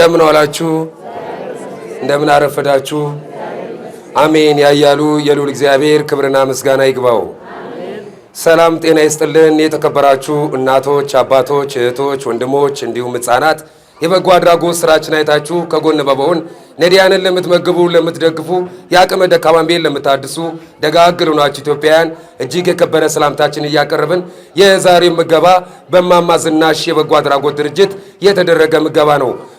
እንደምን ዋላችሁ? እንደምን አረፈዳችሁ? አሜን ያያሉ የሉል እግዚአብሔር ክብርና ምስጋና ይግባው። ሰላም ጤና ይስጥልን። የተከበራችሁ እናቶች፣ አባቶች፣ እህቶች፣ ወንድሞች እንዲሁም ሕፃናት የበጎ አድራጎት ስራችን አይታችሁ ከጎን በመሆን ነዲያንን ለምትመግቡ፣ ለምትደግፉ የአቅመ ደካማን ቤት ለምታድሱ ደጋግ ሆናችሁ ኢትዮጵያውያን እጅግ የከበረ ሰላምታችን እያቀረብን የዛሬው ምገባ በማማ ዝናሽ የበጎ አድራጎት ድርጅት የተደረገ ምገባ ነው።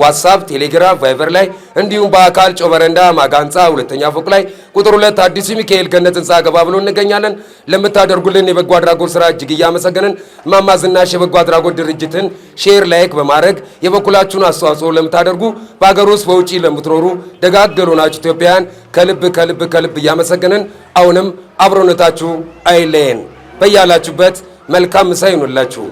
ዋትሳፕ፣ ቴሌግራም፣ ቫይቨር ላይ እንዲሁም በአካል ጮበረንዳ ማጋንፃ ሁለተኛ ፎቅ ላይ ቁጥር ሁለት አዲሱ ሚካኤል ገነት ህንፃ ገባ ብሎ እንገኛለን። ለምታደርጉልን የበጎ አድራጎት ስራ እጅግ እያመሰገንን እማማ ዝናሽ የበጎ አድራጎት ድርጅትን ሼር ላይክ በማድረግ የበኩላችሁን አስተዋጽኦ ለምታደርጉ በሀገር ውስጥ በውጪ ለምትኖሩ ደጋገሉ ናችሁ ኢትዮጵያውያን ከልብ ከልብ ከልብ እያመሰገንን አሁንም አብሮነታችሁ አይለየን። በያላችሁበት መልካም ምሳ ይሆንላችሁ።